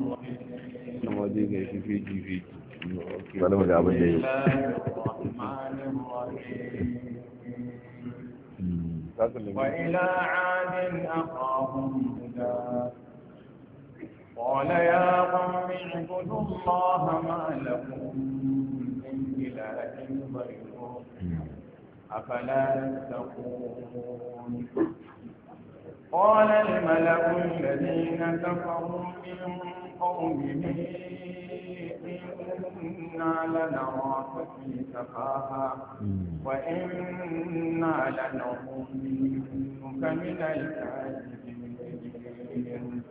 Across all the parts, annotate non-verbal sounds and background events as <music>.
وإلى عاد أخاهم هدى قال يا قوم اعبدوا الله ما لكم من إله غيره أفلا تتقون قال الملأ الذين كفروا من قومه إنا لنراك في سخاها وإنا لنظنك من الكاذبين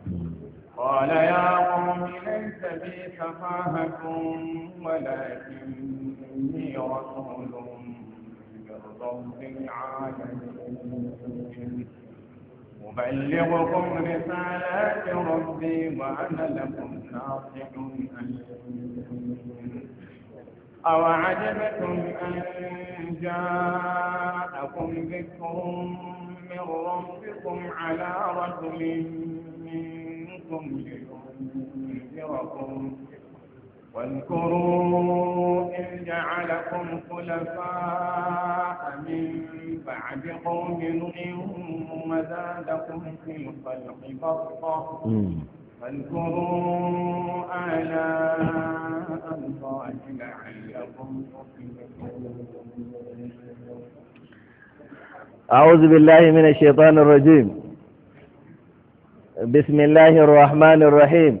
قال يا قوم ليس بي سفاهة ولكني رسول من رب العالمين أبلغكم رسالات ربي وأنا لكم ناصح أو أوعجبتم أن جاءكم ذكر من ربكم على رجل منكم لينذركم واذكروا إذ جعلكم خلفاء من بعد قوم نوح وزادكم في الخلق بسطة فاذكروا آلاء الله لعلكم تفلحون أعوذ بالله من الشيطان الرجيم بسم الله الرحمن الرحيم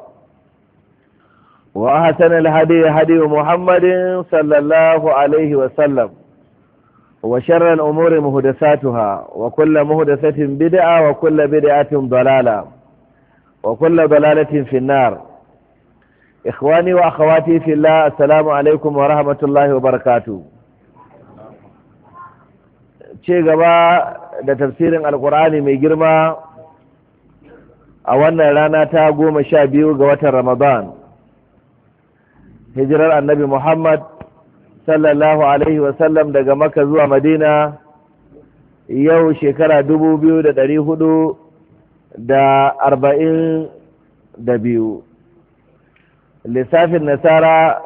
وحسن الهدي هدي محمد صلى الله عليه وسلم وشر الأمور مهدساتها وكل مهدسة بدعة وكل بدعة ضلالة وكل ضلالة في النار إخواني وأخواتي في الله السلام عليكم ورحمة الله وبركاته ce gaba da tafsirin alkur'ani mai girma a wannan rana ta goma sha biyu ga watan ramadan hijirar annabi muhammad sallallahu alaihi wasallam daga maka zuwa madina yau shekara dubu biyu da dari hudu da arba'in da biyu lissafin nasara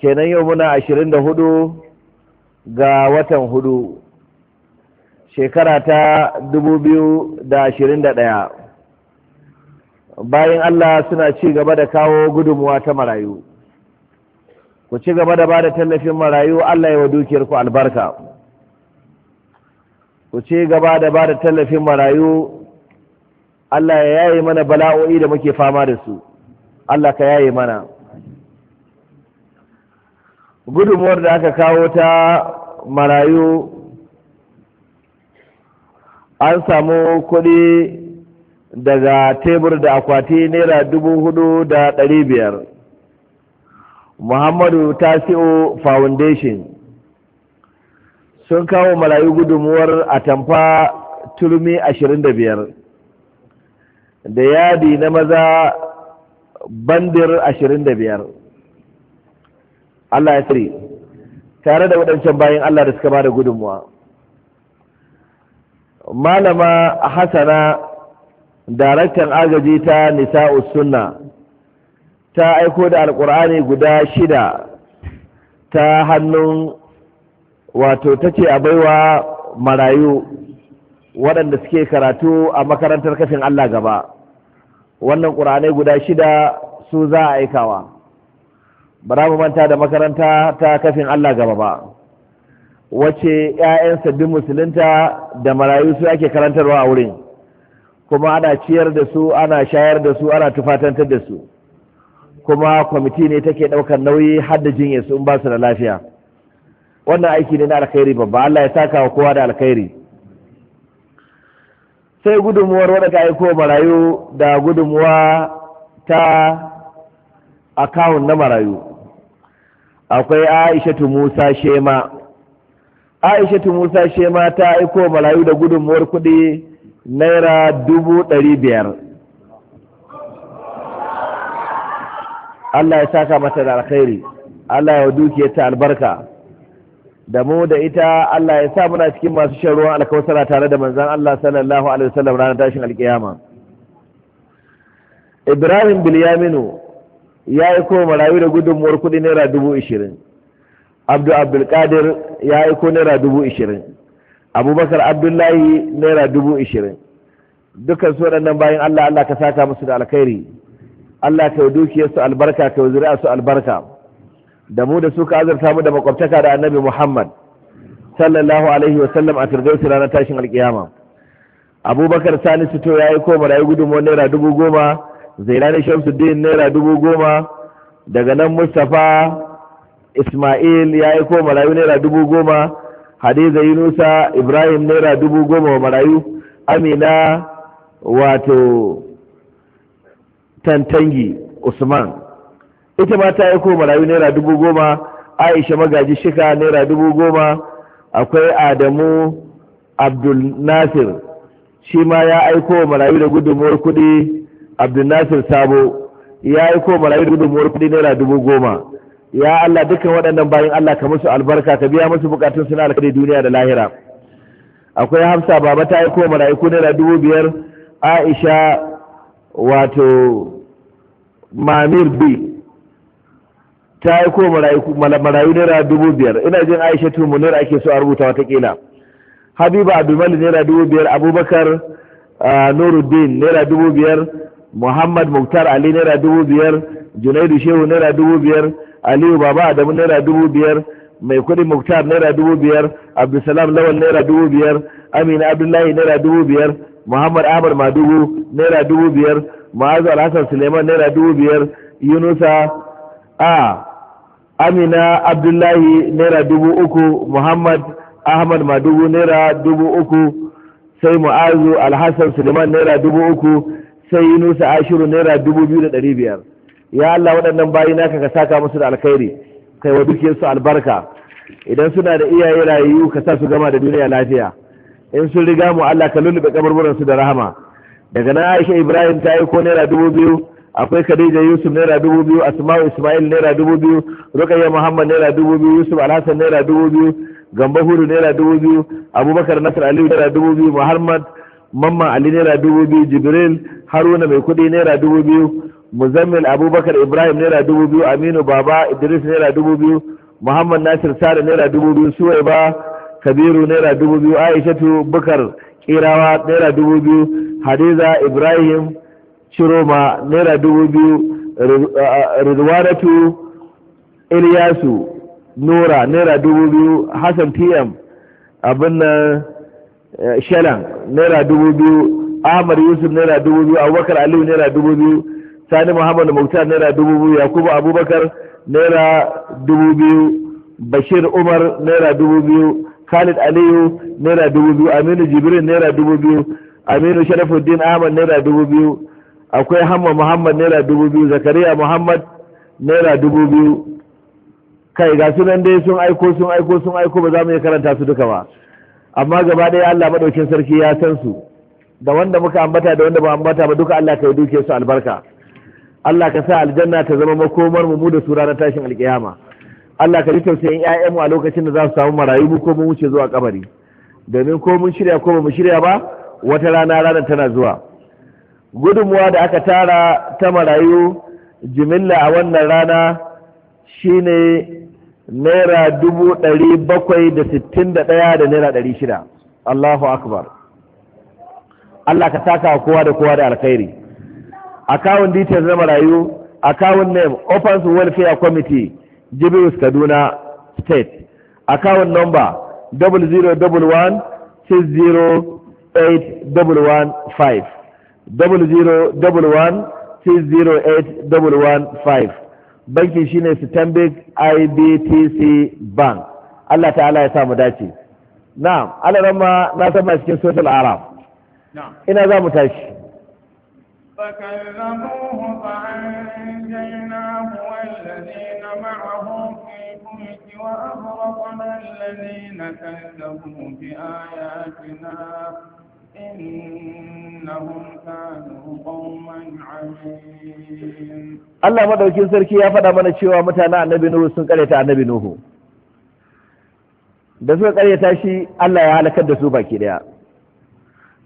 kenan yau muna ashirin da hudu ga watan hudu shekara ta dubu biyu da ashirin da ɗaya bayan allah suna ci gaba da kawo gudunmuwa ta marayu ku ci gaba da ba tallafin marayu Allah ya wa dukiyarku albarka ku ci gaba da ba tallafin marayu Allah ya yaye mana bala'o'i da muke fama da su Allah ka yaye mana gudunmuwar da aka kawo ta marayu an samu kuɗi daga tebur da akwati naira dubu hudu da ɗari biyar muhammadu tasi'u foundation sun kawo malayu gudunmuwar tamfa turmi 25 da yadi na maza bandir 25 Allah ya tsiri tare da waɗancan bayan Allah da suka ba da gudunmuwa malama hasana daraktan agaji ta nisa'u sunna ta aiko da alkur'ani guda shida ta hannun wato ta ce a baiwa marayu waɗanda suke karatu a makarantar kafin Allah gaba wannan ƙur'anai guda shida su za a aikawa ba za mu manta da makaranta ta kafin Allah gaba ba wace 'ya'yan sabbin musulunta da marayu su ake karantarwa a wurin kuma ana ciyar da su ana shayar da su ana tufatantar da su kuma kwamiti ne take ɗaukar nauyi har da jinya su in ba su da lafiya wannan aiki ne na alkhairi babba Allah ya saka wa kowa da alkhairi sai gudunmuwar wadda ka aiko marayu da gudunmuwa ta akawun na marayu akwai aishatu musa shema aishatu musa shema ta aiko marayu da gudunmuwar kudi naira dubu ɗari biyar Allah ya saka mata da alkhairi Allah ya duke ta albarka da mu da ita Allah ya sa muna cikin masu shan ruwan alkawsara tare da manzan Allah sallallahu alaihi wasallam ranar tashin alkiyama Ibrahim Bilyaminu ya yi ko marayu da gudunmuwar kuɗi naira dubu ishirin Abdu Abdulkadir ya yi ko naira dubu ishirin Abubakar Abdullahi naira dubu ishirin dukkan su waɗannan bayan Allah Allah ka saka musu da alkhairi Allah ka yi dukiyarsu albarka ka yi su albarka da mu da su ka azurta mu da makwabtaka da annabi Muhammad sallallahu alaihi wa sallam a firdausi ranar tashin alkiyama abubakar sani sito ya yi koma rayu gudunmu naira dubu goma zairani shamsuddin naira dubu goma daga nan mustapha ismail ya yi koma rayu naira dubu goma hadiza yunusa ibrahim naira dubu goma wa marayu amina wato tantangi usman ita ma ta aiko marayu naira dubu goma aisha magaji shika naira dubu goma akwai adamu abdul nasir shi ma ya aiko marayu da gudunmuwar kudi abdul nasir sabo ya aiko marayu da gudunmuwar kudi naira dubu goma ya allah dukkan waɗannan bayan allah ka musu albarka ka biya musu bukatun suna alkhairi duniya da lahira akwai hamsa baba ta aiko marayu naira dubu biyar aisha wato mamir b ta ko marayu naira dubu biyar ina jin aisha tumu naira ake so a rubuta watakila habiba abdulmali naira dubu biyar abubakar nuruddin naira dubu biyar muhammad muktar ali naira dubu biyar junaidu shehu naira dubu biyar aliyu baba adamu naira dubu biyar mai kudi muktar naira dubu biyar abdulsalam lawal naira dubu biyar amina abdullahi naira dubu biyar muhammad ahmad madugu naira dubu biyar ma'azu alhassan suleiman naira dubu biyar yunusa a amina abdullahi naira dubu uku muhammad ahmad madugu naira dubu uku sai mu'azu alhassan suleiman naira dubu uku sai yunusa ashiru naira dubu biyu da ɗari biyar ya allah waɗannan bayi na ka saka musu da alkhairi kai wa dukiyarsu albarka idan suna da iyaye rayu ka sa su gama da duniya lafiya in sun riga mu Allah ka lullube kaburburan su da rahama daga na Aisha Ibrahim ta yi ko naira dubu biyu akwai Khadija Yusuf naira dubu biyu Asma'u Ismail naira dubu biyu Rukayya Muhammad naira dubu biyu Yusuf Alhassan naira dubu biyu Gambo Hudu naira dubu biyu Abubakar Nasir Aliyu naira dubu biyu Muhammad Mamman Ali naira dubu biyu Jibril Haruna mai kuɗi naira dubu biyu Muzammil Abubakar Ibrahim naira dubu biyu Aminu Baba Idris naira dubu biyu Muhammad Nasir Sare naira dubu biyu Suwaiba kabiru naira dubu biyu aishatu bukar kirawa naira dubu biyu hadiza ibrahim ciroma naira dubu biyu rizwanatu iliyasu nura naira dubu biyu hassan tm abin nan shalan naira dubu biyu ahmad yusuf naira dubu biyu abubakar aliyu naira dubu biyu sani muhammad muktar naira dubu biyu yakubu abubakar naira dubu biyu bashir umar naira dubu biyu khalid aliyu naira dubu biyu aminu jibril naira dubu biyu aminu sharafuddin ahmad naira dubu biyu akwai hamma muhammad naira dubu biyu zakariya muhammad naira dubu biyu kai ga sunan dai sun aiko sun aiko sun aiko ba za mu iya karanta su duka ba amma gaba ɗaya allah maɗaukin sarki ya san su da wanda muka ambata da wanda ba ambata ba duka allah ka yi duke su albarka allah ka sa aljanna ta zama makomar mu mu da su ranar tashin alƙiyama. Allah ka rike sai 'ya'yanmu a lokacin da za su samu marayu mu ko mun wuce zuwa kabari domin ko mun shirya ko ba mu shirya ba wata rana ranar tana zuwa gudunmuwa da aka tara ta marayu jimilla a wannan rana shine naira dubu ɗari bakwai da sittin da ɗaya da naira ɗari shida Allahu akbar Allah ka taka wa kowa da kowa da alkhairi akawun details na marayu akawun name open welfare committee jibiris kaduna state account number 0011608115 0011608115 bankin shine Stanbic IBTC Bank Allah ta'ala ya samu dace na'am alarama na saba cikin social arab ina za mu متاش فكلموه فأنجيناه الذين معه في الفلك وأغرقنا الذين كذبوا بآياتنا Allah madaukin sarki ya faɗa mana cewa mutane annabi Nuhu sun karyata annabi Nuhu. Da suka karyata shi Allah ya halakar da su baki daya.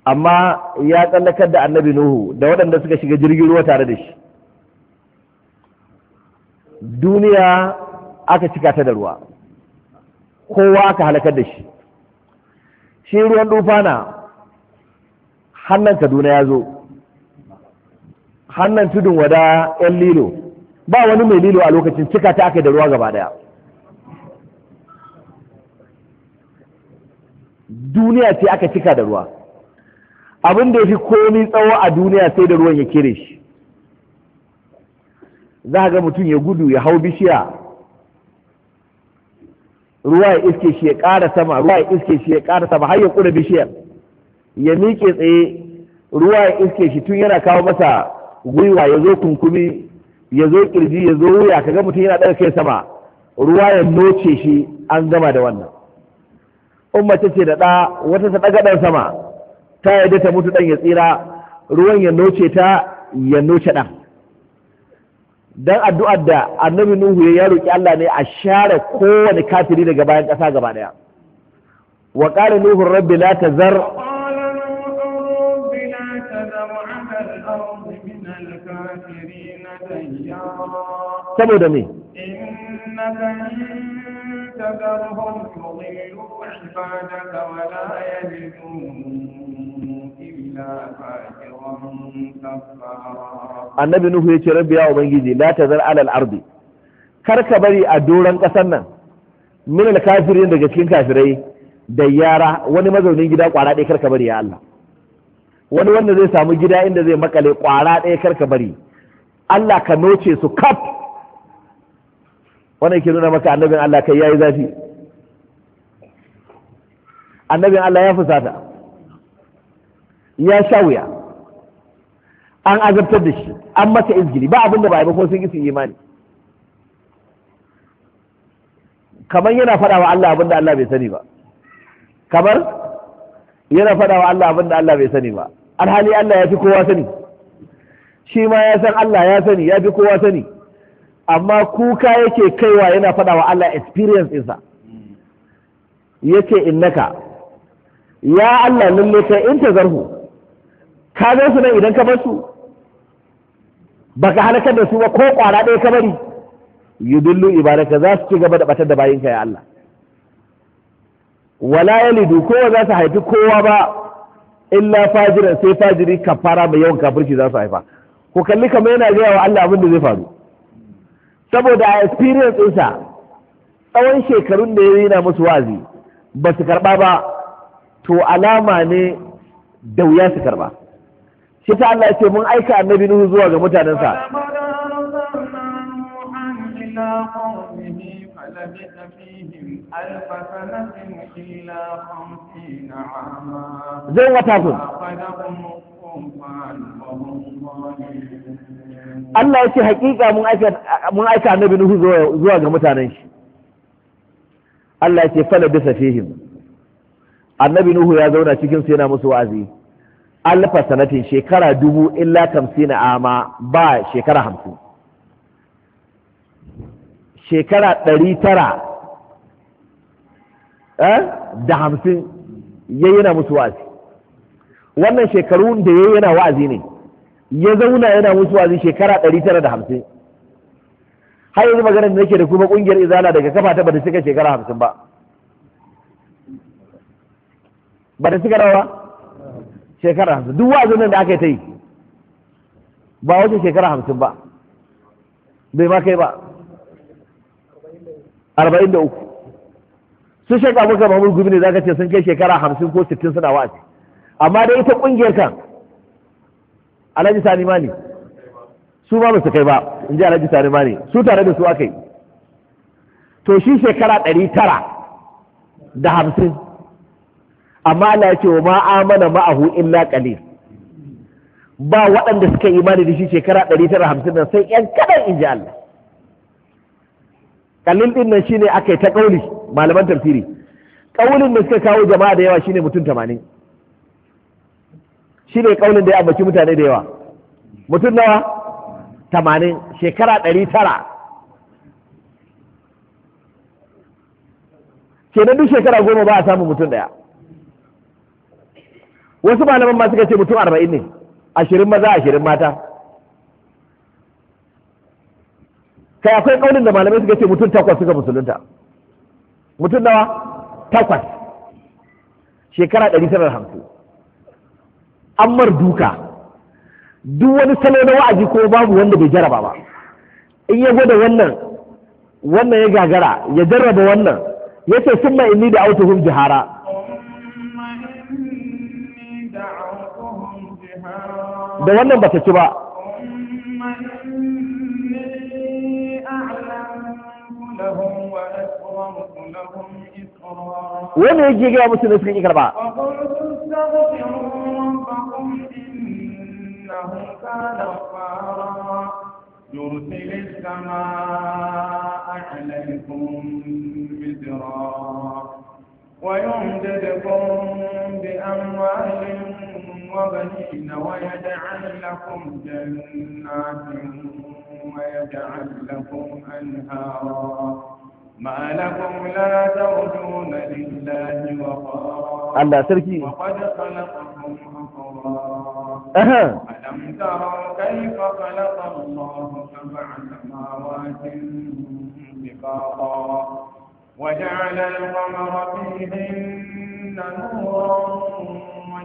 Amma ya tsallakar da annabi Nuhu da waɗanda suka shiga jirgin ruwa tare da shi. duniya aka cika ta da ruwa kowa aka halakar da shi shi ruwan na, hannan kaduna ya zo hannan tudun wada yan lilo ba wani mai lilo a lokacin cika ta aka da ruwa gaba daya duniya ce aka cika da ruwa abin da ya fi komi tsawo a duniya sai da ruwan ya kere shi za ga mutum ya gudu ya hau bishiya ruwa ya iske shi ya ƙara sama ruwa ya iske shi ya ƙara sama har ya ƙura bishiyar ya miƙe tsaye ruwa ya iske shi tun yana kawo masa gwiwa ya zo kunkumi ya zo ƙirji ya zo wuya kaga mutum yana ɗaga kai sama ruwa ya noce shi an gama da wannan in mace ce da ɗa wata ta ɗaga ɗan sama ta yadda ta mutu ɗan ya tsira ruwan ya noce ta ya noce ɗan dan addu'ar da annabi nuhu ya roki Allah ne a share kowane kafiri daga bayan ƙasa gaba daya wa qala nuhu rabbi la tazar saboda me annabi nuhu ya ce rabbi ya ubangiji la tazar alal ardi kar ka bari a doron ƙasar nan min al kafirin daga cikin kafirai da yara wani mazaunin gida kwara ɗaya kar ka bari ya Allah wani wanda zai samu gida inda zai makale kwara ɗaya kar ka bari Allah ka noce su kaf wannan ke nuna maka annabin Allah kai yayi zafi annabin Allah ya fusata ya sha wuya an azabtar da shi an masa izgiri ba abin da ba ko sun isi imani kamar yana faɗa wa Allah abin da Allah bai sani ba kamar yana faɗa wa Allah abin da Allah bai sani ba alhali Allah ya fi kowa sani shi ma ya san Allah ya sani ya fi kowa sani amma kuka yake kaiwa yana faɗa wa Allah experience ɗinsa yace innaka ya Allah lalle kai in ta zarhu ka ga su nan idan ka bar su baka halakar da su ba ko kwara ɗaya ka bari yudullu ibadaka za su ci gaba da batar da bayinka ya Allah wala yalidu kowa za su haifi kowa ba illa fajiran sai fajiri kafara mai yawan kafirci za su haifa ku kalli kamar yana gaya wa Allah abin da zai faru saboda a experience ɗinsa tsawon shekarun da ya yana musu wazi ba su karɓa ba to alama ne da wuya su karɓa shi ta Allah ya ce mun aika annabi Nuhu zuwa ga mutanensa zai wata kun Allah ya ce hakika mun aika annabi Nuhu zuwa ga mutanen shi Allah ya ce fala bisa fihim annabi Nuhu ya zauna cikin su yana musu wa'azi alfa sanatin shekara dubu illa tamsina ama ba shekara hamsin shekara ɗari tara eh, da hamsin ya yana musu wa'azi wannan shekarun da ya yana wa'azi ne ya zauna yana musu wa'azi shekara ɗari tara da hamsin har yanzu maganar da nake da kuma ƙungiyar izala daga kafa ta bata cika shekara hamsin ba bata cika rawa shekara hamsin duk wa'azin nan da aka yi ta yi ba wajen shekara hamsin ba bai ma kai ba arba'in da uku sun shaƙa muka mamur gumi ne za ka ce sun kai shekara hamsin ko sittin suna wa'azi amma dai ita ƙungiyar kan alhaji sani mani su ma su kai ba in ji alhaji sani mani su tare da su aka yi to shi shekara ɗari tara da hamsin amma Allah ya ce wa ma'amana ma'ahu illa qalil ba waɗanda suka imani da shi shekara 950 nan sai yan kadan in ji Allah kallin din nan shine aka yi ta kauli malaman tafsiri kaulin da suka kawo jama'a da yawa shine mutum 80 shine kaulin da ya ambaci mutane da yawa mutum nawa 80 shekara 900 kenan duk shekara goma ba a samun mutum daya wasu malaman ma suka ce mutum arba'in ne ashirin maza ashirin mata kai akwai ƙaunin da malamai suka ce mutum takwas suka musulunta mutum nawa takwas shekara ɗari sanar hamsin ammar duka duk wani salo na wa'azi ko babu wanda bai jaraba ba in ya gwada wannan wannan ya gagara ya jarraba wannan ya ce sun ma inni da autohum jihara da wannan ba ta ci ba wanda yake gaya musu da suka ƙi karba يرسل السماء ويمددكم بأموال وبنين ويجعل لكم جنات ويجعل لكم أنهارا ما لكم لا ترجون لله وقارا وقد خلقكم أطرا ألم تروا كيف خلق الله سبع سماوات بقارا وجعل القمر فيهن نورا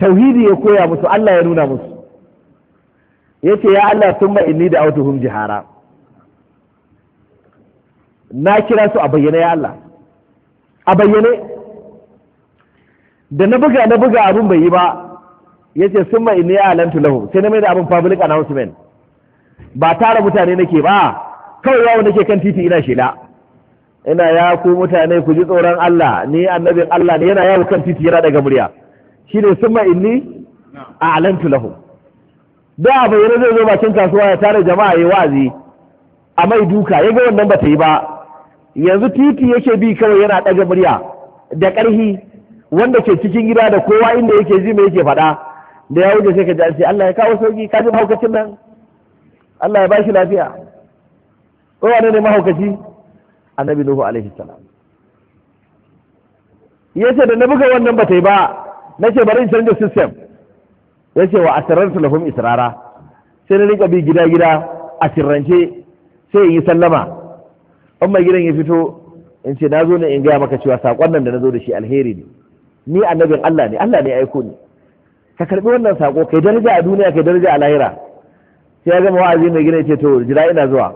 tauhidi ya koya musu Allah ya nuna musu ce ya Allah summa inni da autuhum jihara na kira su a bayyane ya Allah a bayyane da na buga na buga abun bai yi ba yace summa inni alantu lahu sai na mai da abun public announcement ba tara mutane nake ba kawai yawo nake kan titi ina shela ina ya ku mutane ku ji tsoron Allah ni annabin Allah ne yana yawo kan titi yana daga murya shi ne sun ma inni a alantu lahu da a bayyana zai zo bakin kasuwa ya tare jama'a ya wazi a mai duka ya ga wannan ba ta yi ba yanzu titi yake bi kawai yana ɗaga murya da ƙarhi wanda ke cikin gida da kowa inda yake ji mai yake faɗa da ya wuce sai ka ji Allah ya kawo sauki ka ji mahaukacin nan Allah ya ba shi lafiya kowa ne ne mahaukaci annabi nuhu alaihi salam yace da na buga wannan ba ta yi ba nace bari in canza system ce wa asrartu lahum israra sai na rika bi gida gida a sirrance sai in yi sallama an mai gidan ya fito in ce na zo ne in gaya maka cewa saƙon nan da na zo da shi alheri ne ni annabin Allah ne Allah ne aiko ni ka karɓi wannan saƙo kai daraja a duniya kai daraja a lahira sai ya gama wa'azi mai gina ce to jira ina zuwa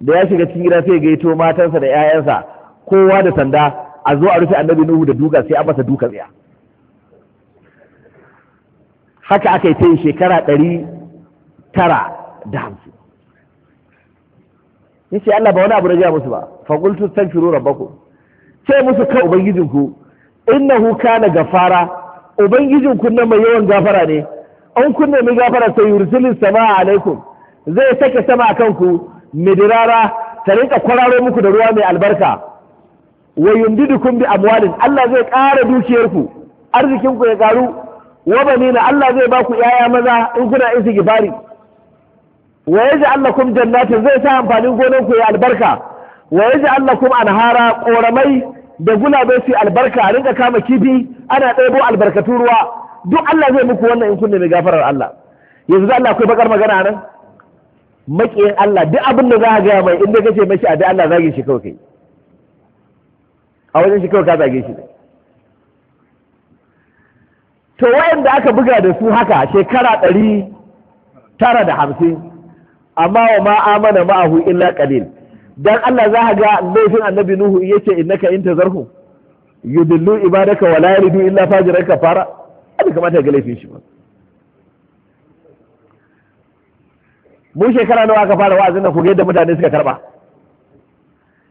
da ya shiga cikin gida sai gaito matansa da 'ya'yansa kowa da sanda a zo a rufe annabi nuhu da duka sai a masa duka tsaya haka aka yi ta yi shekara ɗari tara da hamsin ya ce Allah ba wani abu da gaya musu ba faƙultu san firo rabbaku ce musu kan ubangijinku innahu kana gafara ubangijinku nan mai yawan gafara ne an kunne mai gafara sai yursilin sama alaikum zai sake sama a kanku midirara ta rinka kwararo muku da ruwa mai albarka wa yundidukum bi amwalin Allah zai ƙara dukiyarku arzikinku ya ƙaru wa na Allah zai ba ku yaya maza in kuna isi gifari wa Allah lakum jannatin zai sa amfanin gonan ku ya albarka wa Allah lakum anhara ƙoramai da gulabe su albarka a rinka kama kifi ana ɗebo albarkatu ruwa duk Allah zai muku wannan in kunne mai gafarar Allah yanzu Allah akwai bakar magana nan makiyin Allah duk abin da za ka gaya mai inda kace mashi a da Allah zage shi kawai kai a wajen shi kawai ka zage shi ne to wayanda aka buga da su haka shekara ɗari tara da hamsin amma wa ma amana ma'ahu illa ƙalil, dan Allah za ga laifin annabi nuhu yace innaka in tazarhu yudillu ibadaka wala yalidu illa fajiran kafara abin kamata ga laifin shi ba mu shekara nawa aka fara wa'azin nan ku yadda mutane suka karba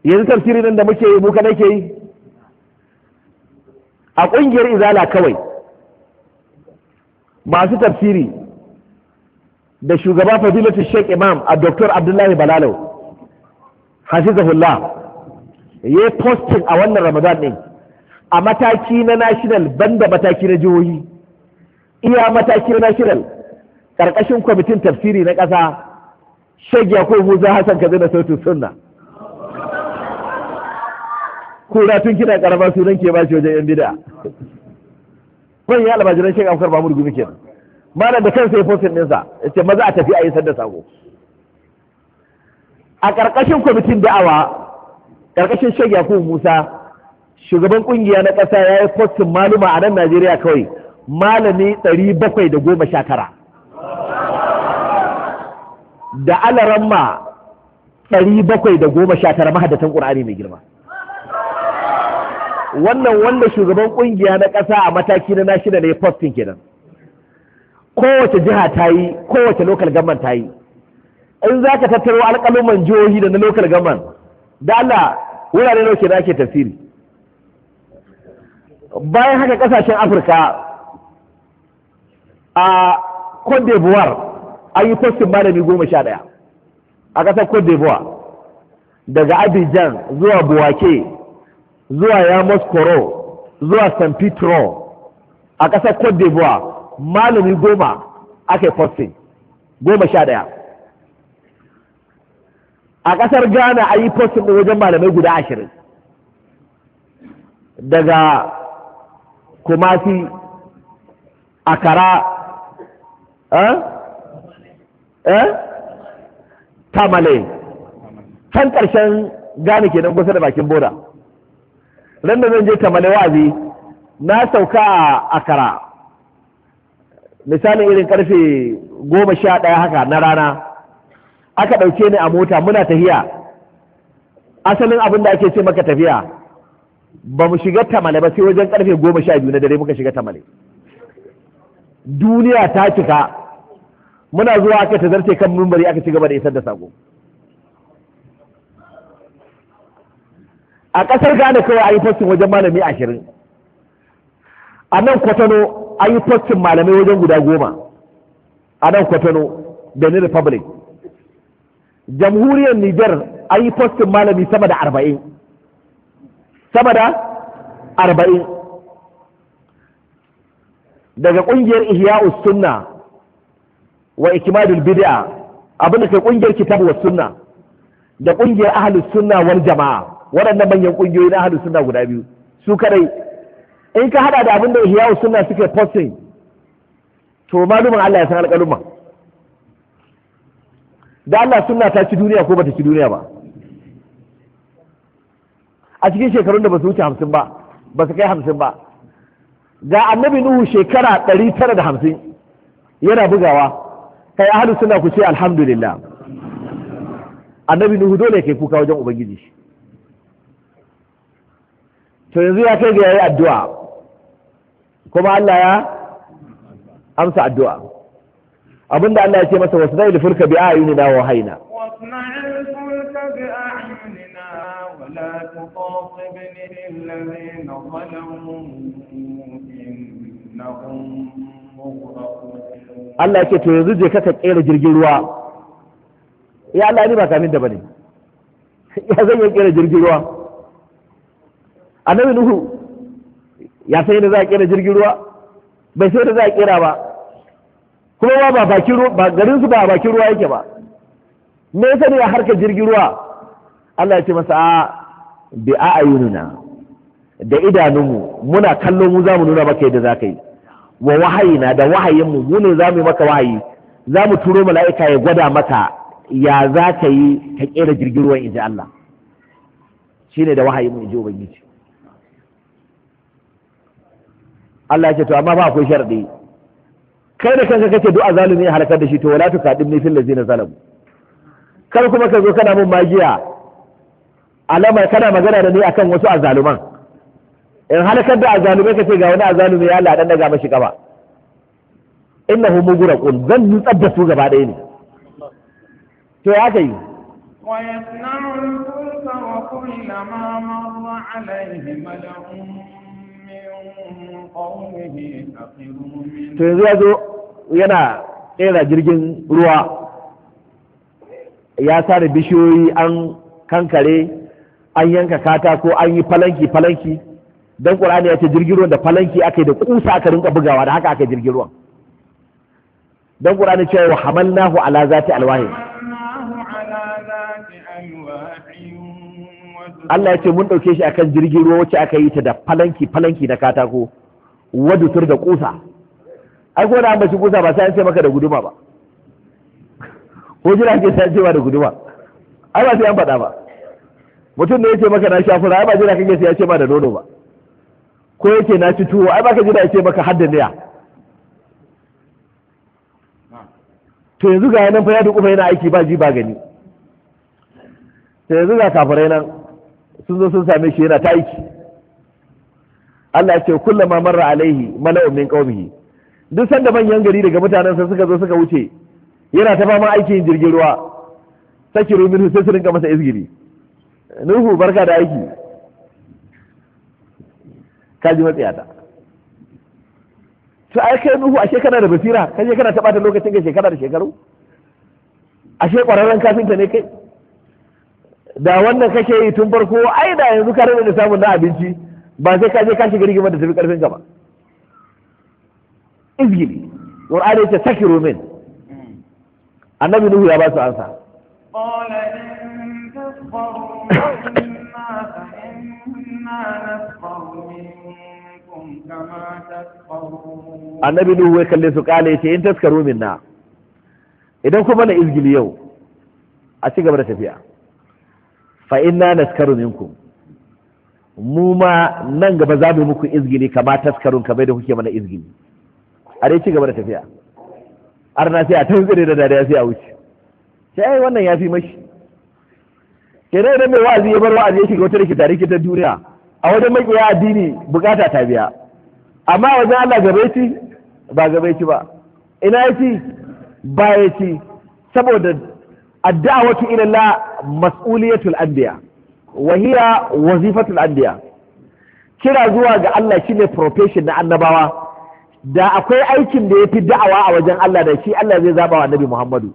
yanzu tafsirin nan da muke yi mu kana ke yi a kungiyar izala kawai masu tafsiri da shugaba fadilatu sheikh imam a Dr. abdullahi balalau hafizahullah ya yi postin a wannan ramadan ɗin a mataki na national banda mataki na jihohi iya mataki na national ƙarƙashin kwamitin tafsiri na ƙasa shek yakubu musa hassan na sautin sunna kura tun kina karamar sunan ke bashi wajen yan bida manyan almajiran shek abubakar ba murgumi kenan malam da kansa ya fosin ɗinsa ya ce maza a tafi a yi sanda sako a ƙarƙashin kwamitin da'awa ƙarƙashin shan yakubu musa shugaban ƙungiya na ƙasa ya yi fosin maluma a nan najeriya kawai malami ɗari bakwai da goma sha tara da alaramma ɗari bakwai da goma sha tara mahaddatan ƙur'ani mai girma wannan wanda shugaban kungiya na ƙasa a mataki na national ne ke kenan kowace jiha ta yi kowace local government ta yi in za ka tattaro alƙaluman jihohi da na local government da Allah wurare nawa ke ake tafsiri bayan haka ƙasashen afirka a cote d'ivoire an yi postin malami goma sha ɗaya a ƙasar cote d'ivoire daga abidjan zuwa buwake zuwa yamos koro zuwa san petro a ƙasar cote d'ivoire malami goma ake yi goma sha ɗaya a ƙasar ghana a yi posting da wajen malamai guda ashirin daga kumasi akara eh? eh? tamale can ƙarshen ghana kenan kusa da bakin boda ran da zan je tamale wazi na sauka a akara misalin irin karfe goma sha ɗaya haka na rana aka ɗauke ni a mota muna tafiya asalin abin da ake ce maka tafiya ba mu shiga tamale ba sai wajen karfe goma sha biyu na dare muka shiga tamale duniya ta cika muna zuwa aka ta zarce kan mumbari aka ci gaba da isar da sako a ƙasar Ghana kawai a yi fastin wajen malami ashirin a nan kwatano a yi fastin malamai wajen guda goma a nan kwatano benin republic jamhuriyar niger a yi fastin malami sama da arba'in sama da arba'in daga ƙungiyar ihyau sunna wa ikimadul bid'a abinda kai ƙungiyar kitabu wa sunna da ƙungiyar ahlus sunna jama'a waɗannan manyan ƙungiyoyi na ahlus sunna guda biyu su kadai in ka hada da abin da ihya sunna suke posting to malumin Allah ya san alƙaluma da Allah sunna ta ci duniya ko bata ci duniya ba a cikin shekarun da ba su wuce hamsin ba ba su kai hamsin ba ga annabi nuhu shekara ɗari tara da hamsin yana bugawa kai ahalu suna ku ce alhamdulillah annabi nuhu dole kai kuka wajen ubangiji to yanzu ya kai ga yayi addu'a kuma Allah ya amsa addu'a abinda Allah ya ce masa wasu zai lifurka bi ayunina wa haina ولا تخاطبني للذين Allah yake to yanzu je ka kera jirgin ruwa ya Allah ni ba kamin da bane <laughs> ya zan yi kera jirgin ruwa annabi nuhu ya sai da za a kera jirgin ruwa bai sai da za a kera ba kuma ba bakin ruwa ba garin su ba bakin ruwa yake ba me yasa ne harka jirgin ruwa Allah ya ce masa a bi ayyuna da idanunmu muna kallo mu zamu nuna maka yadda zakai yi wa wahayina da wahayin mu mu ne zamu yi maka wahayi zamu turo mala'ika ya gwada maka ya ka yi ka kera jirgin ruwan inji Allah shine da wahayin mu ji ubangiji Allah ya ce to amma ba akwai sharadi kai da kanka kake du'a zalimi ya halakar da shi to wala tuka ni fil ladina zalamu kar kuma ka zo kana mun magiya alama kana magana da ni akan wasu azaluman in halakar da azalumai kace ga wani azalumi ya Allah dan daga mashi gaba innahu mughraqun zan nutsar da su gaba ɗaya ne to ya kai ويصنع الفلك وكلما مر عليه to yanzu ya zo yana tsera jirgin ruwa ya sare bishiyoyi an kankare an yanka katako an yi falanki falanki don ƙur'ani ya ce jirgin ruwan da falanki aka yi da kusa aka rinka bugawa da haka aka yi jirgin ruwan don ƙur'ani cewa wa nahu ala zati alwahi Allah ya ce mun ɗauke shi akan jirgin ruwa wacce aka yi ta da falanki falanki na katako wadutur da kusa ai ko da an bashi kusa ba sai an ce maka da guduma ba ko jira ke sai an ce da guduma ai ba sai an faɗa ba mutum ne ce maka na sha fura ai ba jira kake sai ya ce ma da nono ba ko yake na ci tuwo ai ba ka jira ya ce maka hadda niya to yanzu ga yanan fa ya duƙufa yana aiki ba ji ba gani to yanzu ga kafirai nan sun zo sun same shi yana ta aiki Allah ya ce kullama marra alaihi mala'u min qaumihi duk sanda manyan gari daga mutanen sa suka zo suka wuce yana ta fama aikin jirgin ruwa saki minhu sai su rinka masa izgiri nuhu barka da aiki Ka ji matsayata. to ai kai nuhu ashe kana da basira kaje kana ta lokacin ga shekara da shekaru ashe kwararren kafinta ne kai da wannan kake yi tun farko ai da yanzu ka rabe da samun na abinci ba sai ka je ka shiga rigimar da tafi karfin ka ba izgili qur'ani ce sakiru min annabi nuhu ya ba su ansa annabi nuhu ya kalle su kale yace in taskaru minna idan kuma na izgili yau a ci gaba da tafiya fa inna naskaru minkum mu ma nan gaba za mu muku izgini kama taskarun kamar da kuke mana izgini a dai ci gaba da tafiya har na sai a tanzire da dariya sai a wuce sai ai wannan ya fi mashi kenan idan mai wa'azi ya bar wa'azi ya shiga wata rikita rikitar duniya a wajen makiya addini bukata ta biya amma wajen Allah gaba ci ba gaba ci ba ina ya ci ba ya ci saboda addu'a wata ila mas'uliyatul anbiya wa wazifatul anbiya kira zuwa ga Allah shine profession na annabawa da akwai aikin da yafi da'awa a wajen Allah da shi Allah zai zaba wa Nabi Muhammadu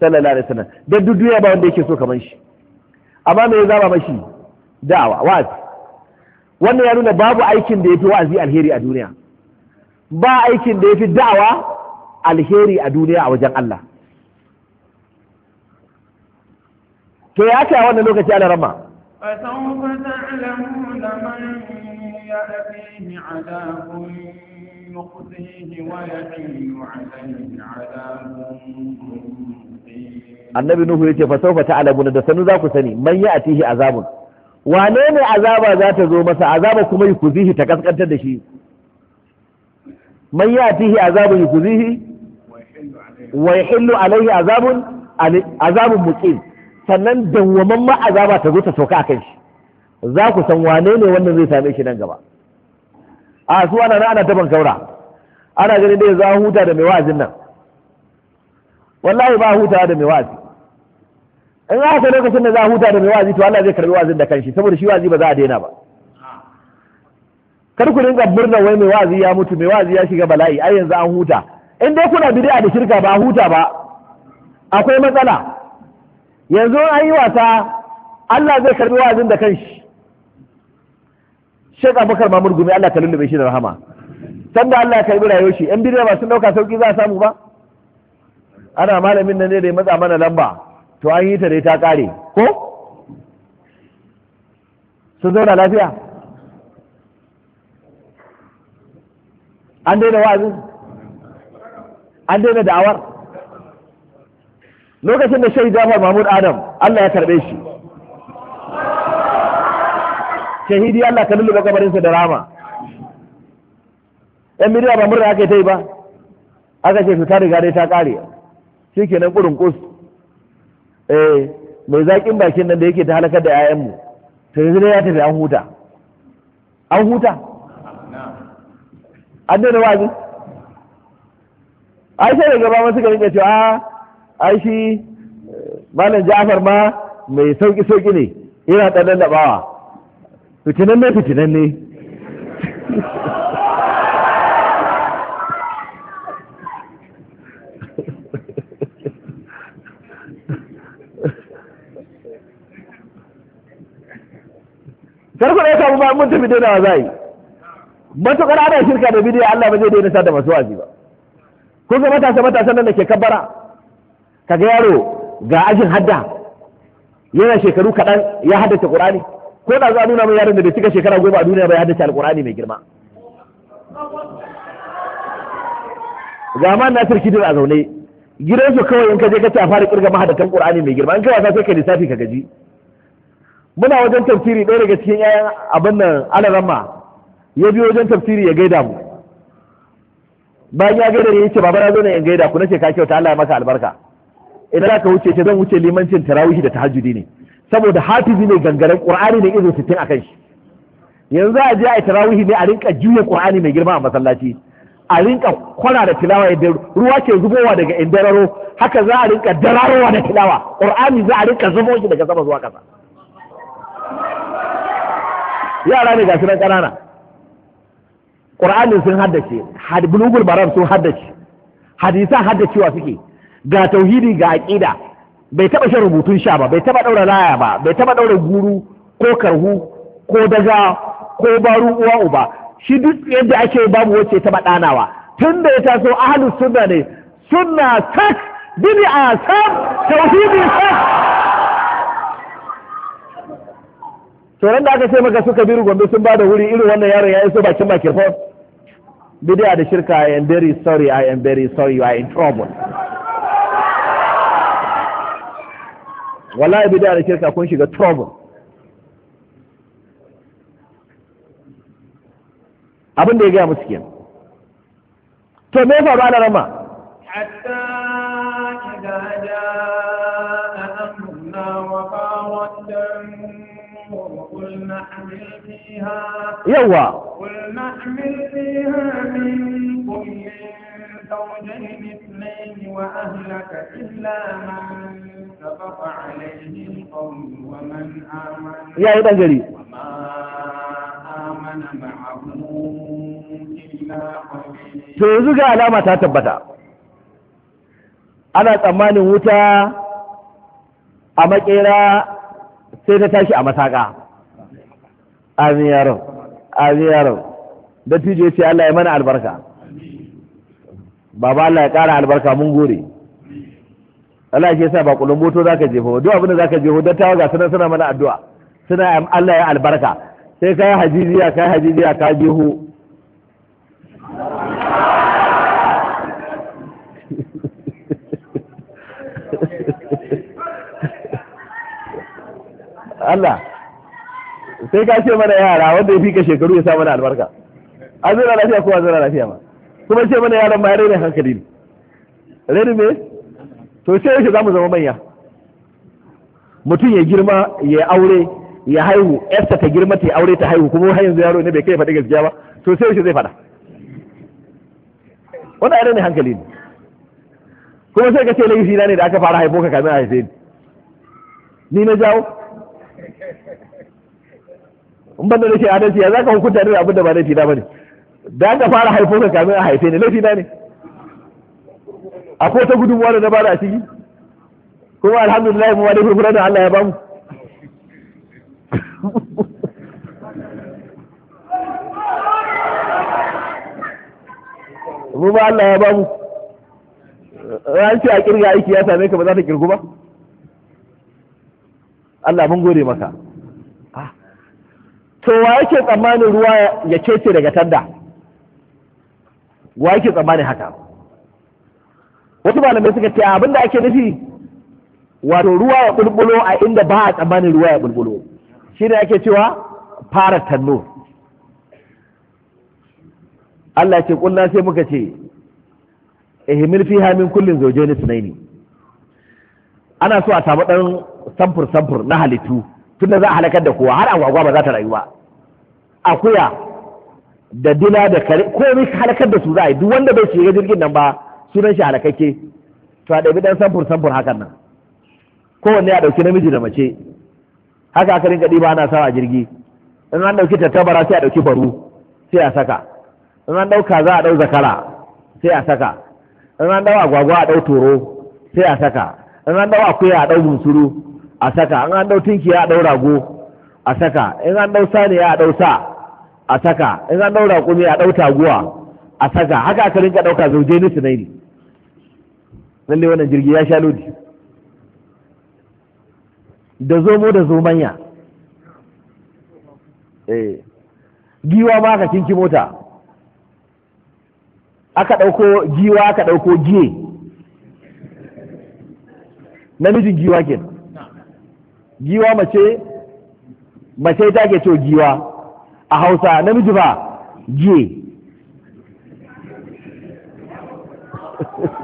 sallallahu alaihi wasallam da duniya ba wanda yake so kaman shi amma me ya zaba mashi da'awa wa'azi wannan ya nuna babu aikin da yafi wa'azi alheri a duniya ba aikin da yafi da'awa alheri a duniya a wajen Allah to ya a wannan lokaci ana rama annabi nuhu ya ce fa sawfa ta'lamuna da sanu za ku sani man ya ya'tihi azabun wane ne azaba za ta zo masa azaba kuma yi kuzihi ta kaskantar da shi man ya ya'tihi azabun kuzihi wa yahillu alayhi azabun azabun muqim sannan dawwaman ma azaba ta zo ta sauka akan shi za ku san wane ne wannan zai same shi nan gaba a su ana nan ana taban kaura ana ganin dai za huta da mai wa'azin nan wallahi ba huta da mai wa'azi in aka lokacin da za huta da mai wa'azi to Allah zai karbi wa'azin da kanshi saboda shi wa'azi ba za a daina ba kar ku dinga murna wai mai wa'azi ya mutu mai wa'azi ya shiga bala'i ai yanzu an huta in dai kuna bid'a da shirka ba huta ba akwai matsala yanzu an yi wasa Allah zai karbi wa'azin da kanshi Sheikh Abubakar Mamur Gumi Allah ta lullube shi da rahama sanda Allah ya karbi rayuwar shi yan bidiyo ba sun dauka sauki za a samu ba ana malamin nan ne da ya matsa mana lamba to an yi ta dai ta kare ko sun zauna lafiya an daina wa'azin an daina da'awar lokacin da shehu jafar mahmud adam allah ya karbe shi shahidi allah ka lulluɓe kabarinsa da rama yan miliya ba murna aka yi ta yi ba aka ce su ta riga dai ta ƙare shi kenan ƙurin ƙus eh mai zaƙin bakin nan da yake ta halakar da 'ya'yanmu to yanzu ya tafi an huta an huta an daina wazi ai sai da gaba masu garin ke ce ai shi malam ja'far ma mai sauki sauki ne yana dan lallaɓawa fitinan ne fitinan ne karku ya samu ba mun tafi daina za yi matuƙar ana shirka da bidiyo Allah ba zai daina sa da masu wazi ba kun ga matasa matasan nan da ke kabbara kaga yaro ga ajin hadda yana shekaru kaɗan ya haddace ƙur'ani ko da za a nuna mai yaron da bai cika shekara goma a duniya ba ya haddace alƙur'ani mai girma ga ma na sarki a zaune gidansu kawai in ka je ka ta fara kirga mahaddatan ƙur'ani mai girma in ka wasa sai ka lissafi ka gaji muna wajen tafsiri ɗaya daga cikin ƴaƴan abin nan alarama ya biyo wajen tafsiri ya gaida mu bayan ya gaida ne ya ce babana zo ne in gaida ku nace ka kyauta Allah ya maka albarka idan aka wuce ta zan wuce limancin tarawihi da tahajjudi ne saboda hafizi ne gangaren qur'ani ne izo 60 akan shi yanzu a je a tarawihi ne a rinka juya qur'ani mai girma a masallaci a rinka kwana da tilawa yadda ruwa ke zubowa daga indararo haka za a rinka dararowa da tilawa qur'ani za a rinka zubo shi daga sama zuwa kasa yara ne ga nan ƙanana qur'ani sun haddace bulugul maram sun haddace hadisan haddacewa suke ga tauhidi ga aƙida bai taɓa shan rubutun sha ba bai taɓa ɗaura laya ba bai taɓa ɗaura guru ko karhu ko daga ko baru uwa uba shi duk yadda ake babu wacce taɓa ɗanawa tun da ya taso ahalu sunna ne sunna sak a sak tauhidi sak to da aka ce maka suka biru gombe sun bada wuri irin wannan yaron ya iso bakin microphone bidiya da shirka i am very sorry i am very sorry i am in trouble wala yi bida da shirka kun shiga trouble abin da ya gaya musu kenan to me fa ba da rama hatta idza jaa amruna wa wa qulna hamil fiha yawa qulna hamil fiha min kulli zawjayn ithnayn wa ahlaka illa man ya yi ɗangare to yanzu ga alama ta tabbata ana tsammanin wuta a makera sai ta tashi a masaka amin yaron amin yaron da tijo ce Allah ya mana albarka baba Allah ya ƙara albarka mun gore Allah ya sa ba kullum moto zaka jefo duk abin da zaka jefo dattawa ga sanan suna mana addu'a suna Allah ya albarka sai kai hajijiya kai hajijiya ka jeho Allah sai ka ce mana yara wanda ya fi ka shekaru ya sa mana albarka an lafiya ko an lafiya ma kuma ce mana yaran ma ya raina hankali ne me to sai yake za mu zama manya mutum ya girma ya aure ya haihu yarsa ta girma ta aure ta haihu kuma har yanzu yaro ne bai kai faɗi gaskiya ba to sai yake zai faɗa wannan yare ne hankali ne kuma sai ka ce laifi na ne da aka fara haifo ka kamin a haife ni ni na jawo in ban da nake adalci ya za ka hukunta ne abin da ba laifi na ba ne da aka fara haifo ka kamin a haife ni laifi na ne akwai ta gudunmuwa da na bada a ciki kuma alhamdulillah mu wani furfura da Allah ya bamu mu ba Allah ya bamu ran ce a kirga aiki ya same ka ba za ta kirgu ba Allah mun gode maka ah. to wa yake tsammanin ruwa ya cece daga tanda wa yake tsammanin haka wasu malamai suka ce abin da ake nufi wato ruwa ya bulbulo a inda ba a tsammanin ruwa ya bulbulo shi ne ake cewa fara tanno Allah ce kulla sai muka ce ihmil fiha min kullin zawjayn ni. ana so a samu ɗan samfur samfur na halittu tunda za a halakar da kowa har agwagwa ba za ta rayu ba akuya da dila da kare ko ne halakar da su za a yi duk wanda bai shiga jirgin nan ba sunan shi halakakke to a ɗabi ɗan samfur samfur hakan nan kowanne ya ɗauki namiji da mace haka aka rinka ɗiba ana sawa jirgi in an ɗauki tattabara sai a ɗauki baru sai a saka in an ɗauka za a ɗau zakara sai a saka in an ɗau agwagwa a ɗau toro sai a saka in an ɗau akuya a ɗau bunsuru a saka in an ɗau tinkiya a ɗau rago a saka in an ɗau saniya a ɗau sa a saka in an ɗau raƙumi a ɗau taguwa a saka haka aka rinka ɗauka zauje ni su ne lalle wannan jirgi ya sha lodi da zomo da zomanya eh giwa ma ka kinki mota aka ɗauko giwa aka ɗauko giye namijin giwa ke giwa mace mace ta ke to giwa a hausa namiji ba giye <laughs>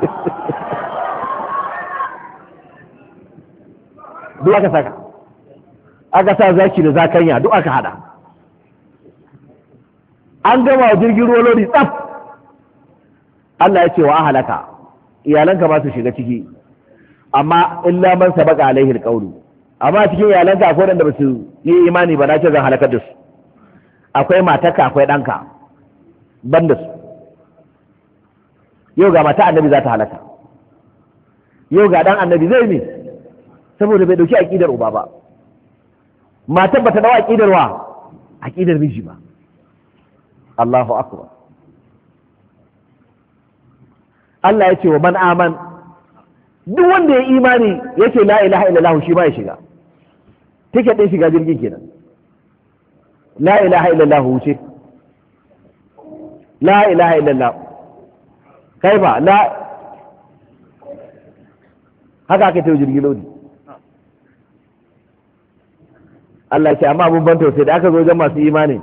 duk aka saka aka sa zaki da zakanya duk aka hada an gama wa jirgin ruwa lodi tsaf Allah ya ce wa halaka iyalanka ba su shiga ciki amma illa man sabaka alaihi alqawlu amma cikin iyalanka akwai wanda ba su yi imani ba na ce zan halakar da su akwai matarka akwai ɗanka ban da su yau ga mata annabi za ta halaka yau ga ɗan annabi zai ne saboda bai dauki aqidar uba ba matar bata dawo aqidar wa aqidar miji ba Allahu akbar Allah ya ce wa man aman duk wanda ya imani yake la ilaha illallah shi ba ya shiga ticket dai shiga jirgin kenan la ilaha illallah wuce la ilaha illallah kai ba la haka aka tayo jirgin lodi Allah ce amma abun ban tausayi da aka zo wajen masu imani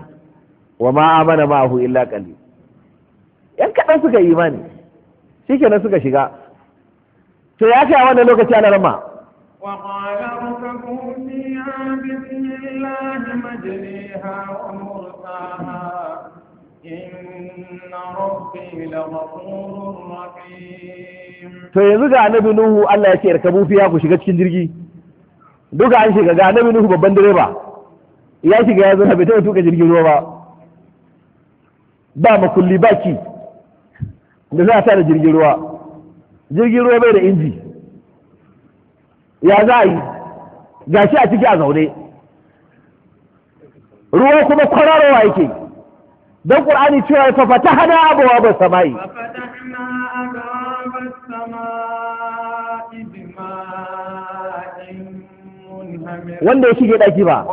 wa ma amana ma'ahu illa qali yan kaɗan suka yi imani shikenan suka shiga to ya kai a wannan lokaci ana rama وقال اركبوا فيها بسم الله مجريها Inna إن ربي لغفور رحيم to yanzu ga annabi nuhu Allah ya ce irkabu fiya ku shiga cikin jirgi duka an shiga ga annabi nuhu babban direba ya shiga ya zauna bai taɓa tuka jirgin ruwa ba ba makulli ba ki da za a sa jirgin ruwa jirgin ruwa bai da inji ya za a yi gashi a ciki a zaune ruwa kuma kwararowa yake don ƙur'ani cewa ya fatahna ta hana fa fatahna samai wanda ya shige daki ba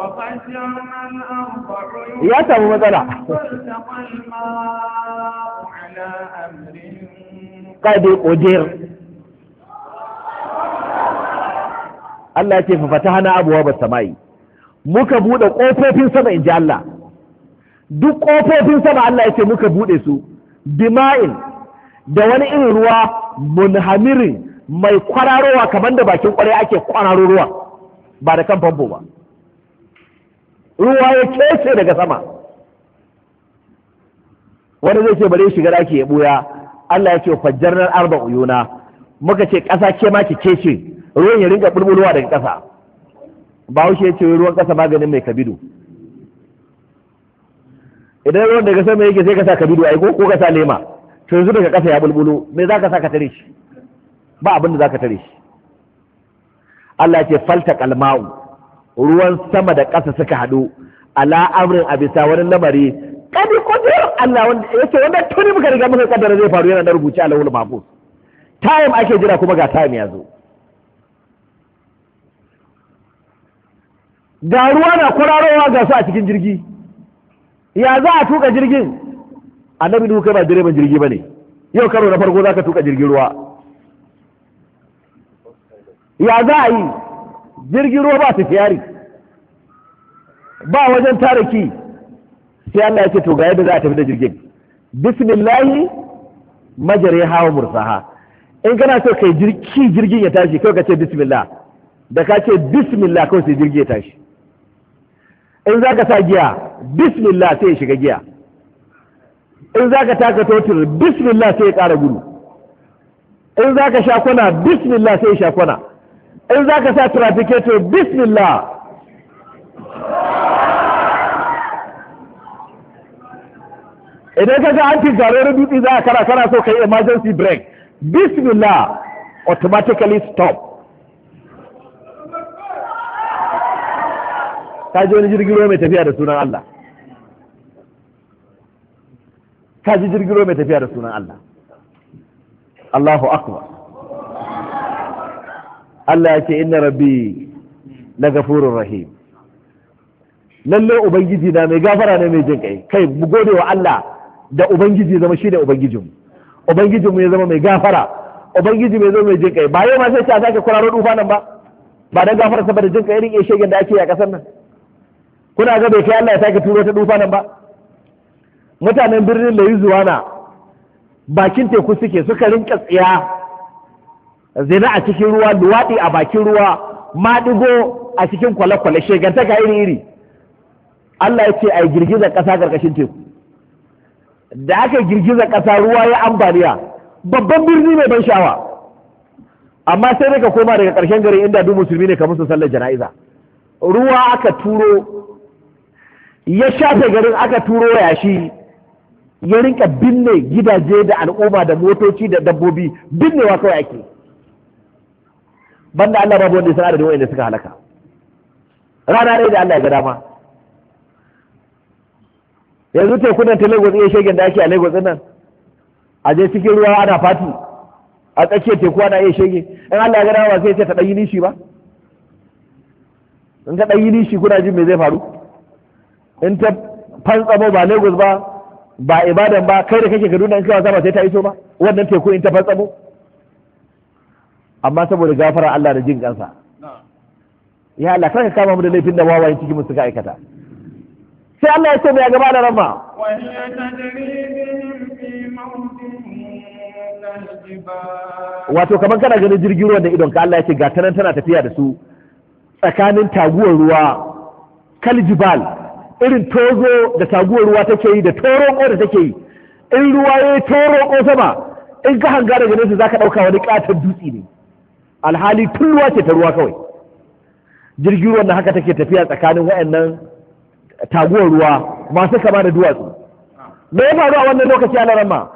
ya samu matsala kade kojer Allah ya ce fa fatahana abuwa ba samai muka bude kofofin sama in ji Allah duk kofofin sama Allah ya ce muka bude su bima'in da wani irin ruwa munhamirin mai kwararowa kamar da bakin kwarai ake kwararo ruwa ba da kan famfo ba ruwa ya kece daga sama wani zai ce bare shiga daki ya buya Allah ya ce nan arba uyuna muka ce ƙasa ke ma ki kece ruwan ya ringa bulbulwa daga ƙasa bahaushe ya ce ruwan ƙasa maganin mai kabido idan ruwan daga sama yake sai ka sa kabido ko ka sa lema to yanzu daga ƙasa ya bulbulo me za ka sa ka tare shi ba abin da za ka tare shi Allah ce falta kalma'u ruwan sama da ƙasa suka haɗu ala amrin a bisa wani lamari kadi kudur Allah wanda yake wanda tuni muka riga muka kaddara zai faru yana da rubuce a lawul mahfuz time ake jira kuma ga time ya zo ga ruwa na kurarowa ga su a cikin jirgi ya za a tuka jirgin annabi duka ba direban jirgi bane yau karo na farko zaka tuka jirgin ruwa ya za a yi jirgin ruwa ba su fiyari ba wajen tariki sai Allah yake ce to ga yadda za a tafi da jirgin bismillahi majare hawa mursaha in kana so kai jirki jirgin ya tashi kai ka ce bismillah da ka ce bismillah kawai sai jirgi ya tashi in za ka sa giya bismillah sai ya shiga giya in za ka taka totin bismillah sai ya ƙara gudu in za ka sha kwana bismillah sai ya sha kwana in za ka sa trafiketo bismillah idan ka ga an tijarorin dutse za a kara kana so ka yi emergency break bismillah automatically stop ta ji wani jirgin ruwa mai tafiya da sunan Allah ta ji jirgin ruwa mai tafiya da sunan Allah Allahu akbar Allah ya ce inna rabbi na gafurur rahim Lallai ubangiji na mai gafara ne mai jin kai kai mu gode wa Allah da ubangiji zama shi da ubangijinmu ubangijinmu ya zama mai gafara ubangiji mai zama mai jin kai ba yau ma sai ta sake kwararo dufa nan ba ba dan gafara saboda jin kai irin shegen da ake yi a kasar nan kuna ga bai kai Allah ya sake turo ta dufa nan ba mutanen birnin da yi na bakin teku suke suka rinka tsiya zina a cikin ruwa luwaɗi a bakin ruwa maɗigo a cikin kwale-kwale shegantaka iri-iri Allah ya ce a yi girgizar ƙasa ƙarƙashin teku da aka girgizar ƙasa ruwa ya ambaliya babban birni mai ban sha'awa amma sai ka koma daga ƙarshen garin inda duk musulmi ne kamar su sallar jana'iza ruwa aka turo ya shafe garin aka turo yashi ya rinka binne gidaje da al'umma da motoci da dabbobi binnewa kawai ake banda Allah babu wanda ya san adadin wanda suka halaka rana ne da Allah ya ga dama yanzu tekunan ta Lagos iya shegen da ake a Lagos nan a je cikin ruwa ana fati a tsakiyar teku ana iya shege in Allah ya ga dama sai ce ta ɗan yi nishi ba in ka ɗan yi nishi kuna jin me zai faru in ta fantsamo ba Lagos ba ba Ibadan ba kai da kake Kaduna in ka wasa ba sai ta iso ba wannan teku in ta fantsamo amma saboda gafara Allah da jin kansa ya Allah kanka kama mu da laifin da wawayen cikin mu suka aikata sai Allah ya ce mai gaba da rama wato kamar kana ganin jirgin ruwan da idon ka Allah ya ce gata nan tana tafiya da su tsakanin taguwar ruwa kaljibal irin tozo da taguwar ruwa take yi da toroko da take yi in ruwa ya yi toroko sama in ka hanga daga nesa za ka ɗauka wani ƙaton dutse ne alhali tun ruwa ce ta ruwa kawai jirgin ruwan da haka take tafiya tsakanin waannan taguwar ruwa masu kama da duwatsu me ya faru a wannan lokaci a larama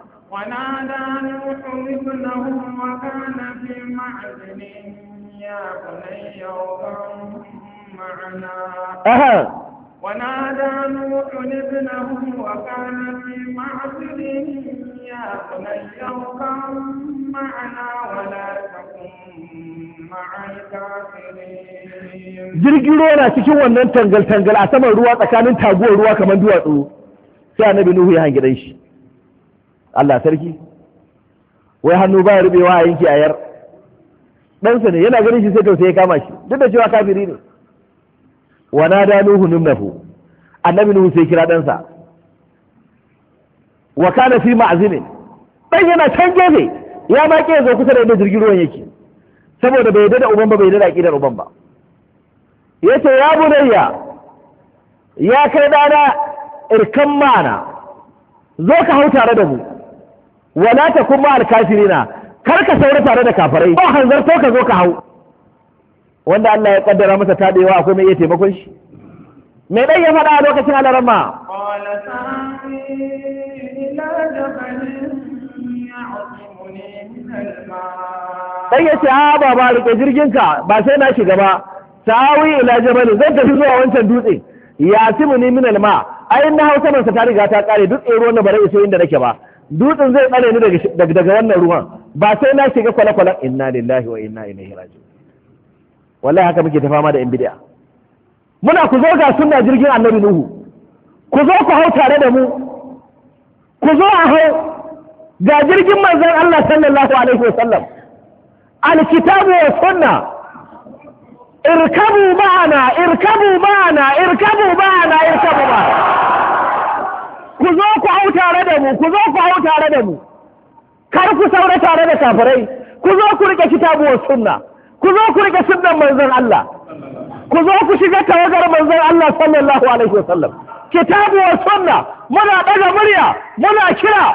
Aha. ونادى نوح ابنه وكان في معزل يا بني اركب معنا ولا تكن jirgin ruwa na cikin wannan tangal-tangal a saman ruwa tsakanin taguwar ruwa kamar duwatsu sai annabi nuhu ya hangi shi Allah sarki wai hannu ba rubewa a yanki yar? ɗansa ne yana ganin shi sai tausayi kama shi duk da cewa kafiri ne wa da nuhu numnahu annabi nuhu sai kira ɗansa wa kana fi ma'azinin dan yana can gefe ya ma ke zo kusa da inda jirgin ruwan yake saboda bai yarda da uban ba bai yarda da aqidar uban ba yace ya bunayya ya kai dana irkan mana zo ka hau tare da mu wala ta kuma alkafirina kar ka saura tare da kafirai ko to ka zo ka hau wanda Allah ya kaddara masa tadewa akwai mai iya taimakon shi me dai ya faɗa a lokacin alarma dan ya ce a ah, ba ba rike ka ba sai na shiga ba sawi ila jabal zan tafi zuwa wancan dutse ya simuni min alma ai na hausa man ta riga ta kare dutse ruwan na bare sai inda nake ba dutsen zai tsare ni daga daga wannan ruwan ba sai na shiga kwale-kwalen inna lillahi wa inna ilaihi raji'un wallahi haka muke ta fama da yan bid'a muna ku zo ga sunna jirgin annabi nuhu ku zo ku hau tare da mu ku zo a hau ga jirgin manzon Allah sallallahu alaihi wa sallam, alkitabu wa sunna irkabu ma'ana irkabu ma'ana irkabu ma'ana irkabu ma'ana ku zo ku hau tare da mu ku zo ku hau tare da mu kar ku saura tare da kafirai ku zo ku rike kitabu wa sunna ku zo ku rike sunan manzon Allah ku zo ku shiga tawagar manzon Allah sallallahu alaihi wasallam kitabu wa sunna muna daga murya muna kira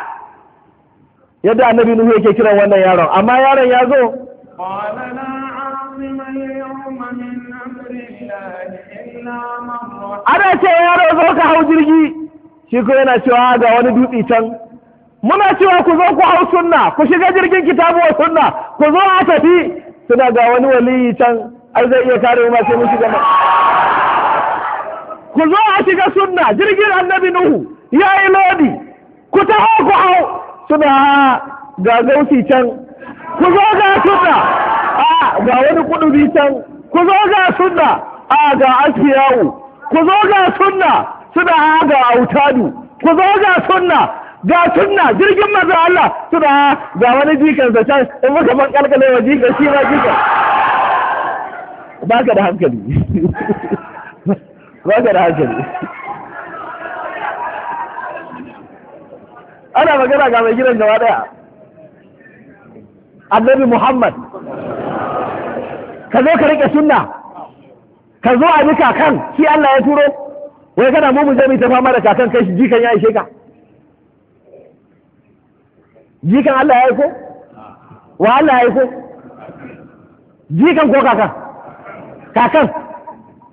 yadda annabi nuhu yake kiran wannan yaron amma yaron ya zo ana ce yaro zo ka hau jirgi shi ko yana cewa ga wani dutse can muna cewa ku zo ku hau sunna ku shiga jirgin kitabu wa sunna ku zo a tafi suna ga wani waliyi can ai zai iya kare ma sai mun shiga ma. ku zo a shiga sunna jirgin annabi nuhu ya yi lodi ku ta hau ku hau suna ga gausi can ku zo ga sunna a ga wani kudubi can ku zo ga sunna a ga asiyawu ku zo ga sunna suna ga autadu ku zo ga sunna ga sunna jirgin manzon Allah suna ga wani jikin sa can in muka ban kalkale wa jikin shi ma jikan baka da hankali baka da hankali ana magana ga mai gidan gaba daya annabi Muhammad ka zo ka rike sunna ka zo a bi kakan shi Allah ya turo wai kana mu mu je mu ta fama da kakan kai shi jikan ya ishe ka jikan Allah ya aiko wa Allah ya aiko jikan ko kakan kakan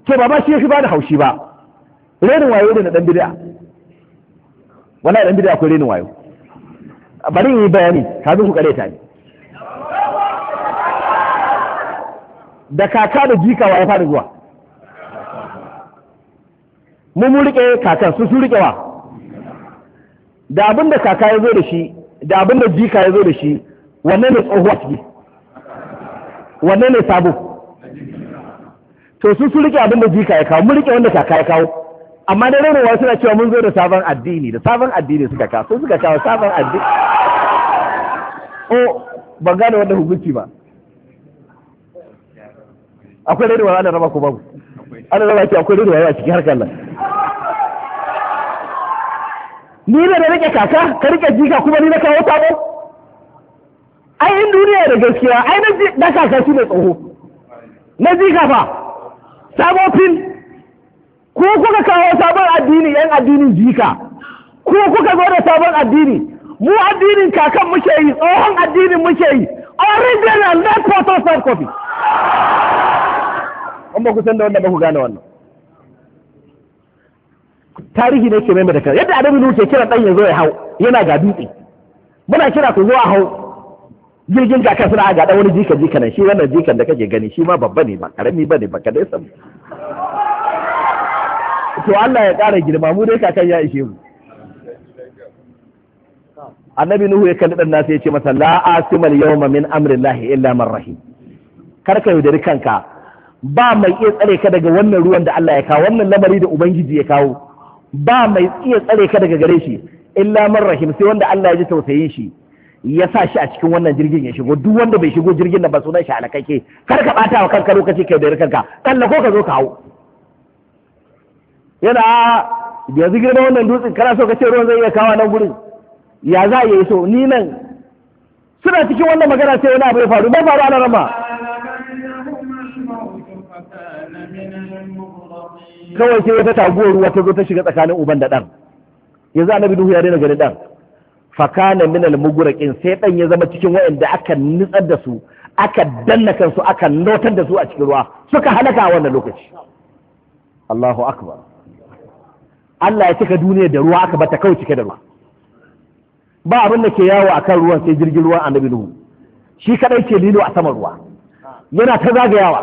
to ba ba shi shi ba da haushi ba renin wayo ne na dan bid'a wallahi dan bid'a akwai renin wayo bari yi bayani kafin ku kare ta ne da kaka da jika wa ya fara zuwa mu mu rike kakan su su rike wa da abin da kaka ya zo da shi da abin da jika ya zo da shi wanne ne tsohuwa ciki wanne ne sabo to su su rike abin da jika ya kawo mun rike wanda kaka ya kawo amma da wani suna cewa mun zo da sabon addini da sabon addini suka kawo sun suka kawo sabon addini o ban gane wanda hukunci ba akwai rarrawa ana raba ko babu ana raba ki akwai rarrawa a cikin harkar nan ni ne da rike kaka ka rike jika kuma ni na kawo sabo ai in duniya da gaskiya ai na kaka shi ne tsoho na jika fa sabo fil ko kuka kawo sabon addini yan addinin jika ko kuka zo da sabon addini mu addinin kakan muke yi tsohon addinin muke yi original not photo an Amma ku san da wanda ba ku gane wannan tarihi ne ke mai da yadda Adamu nuhu ke kira dan ya zo ya hau yana ga dutse muna kira ku zo a hau jirgin ga kasu suna ga dan wani jika jika nan shi wannan jikan da kake gani shi ma babba ne ba karami ba ne ba ka dai san to Allah ya ƙara girma mu dai kakan ya ishe mu annabi nuhu ya kalli dan nasu ya ce masa la asimal yawma min amrillahi illa man rahim kar ka yaudari kanka ba mai iya tsare ka daga wannan ruwan da Allah ya kawo wannan lamari da ubangiji ya kawo ba mai iya tsare ka daga gare shi illa man rahim sai wanda Allah ya ji tausayin shi ya sa shi a cikin wannan jirgin ya shigo duk wanda bai shigo jirgin nan ba sunan shi alakake kar ka bata wa kanka lokaci kai da kanka kalla ko ka zo ka hau yana yanzu girma wannan dutsen kana so ka ce ruwan zai iya kawo nan gurin ya za a yi so ni nan suna cikin wannan magana sai wani abu ya faru ba faru ana rama kawai sai wata taguwar ruwa ta zo ta shiga tsakanin uban da ɗan yanzu annabi nuhu ya daina ganin ɗan fakana min al sai ɗan ya zama cikin waɗanda aka nitsar da su aka danna kansu aka notar da su a cikin ruwa suka halaka a wannan lokaci Allahu akbar Allah ya cika duniya da ruwa aka bata kawai cike da ruwa ba abin da ke yawo akan ruwan sai jirgin ruwan annabi nuhu shi kadai ke lilo a saman ruwa yana ta zagayawa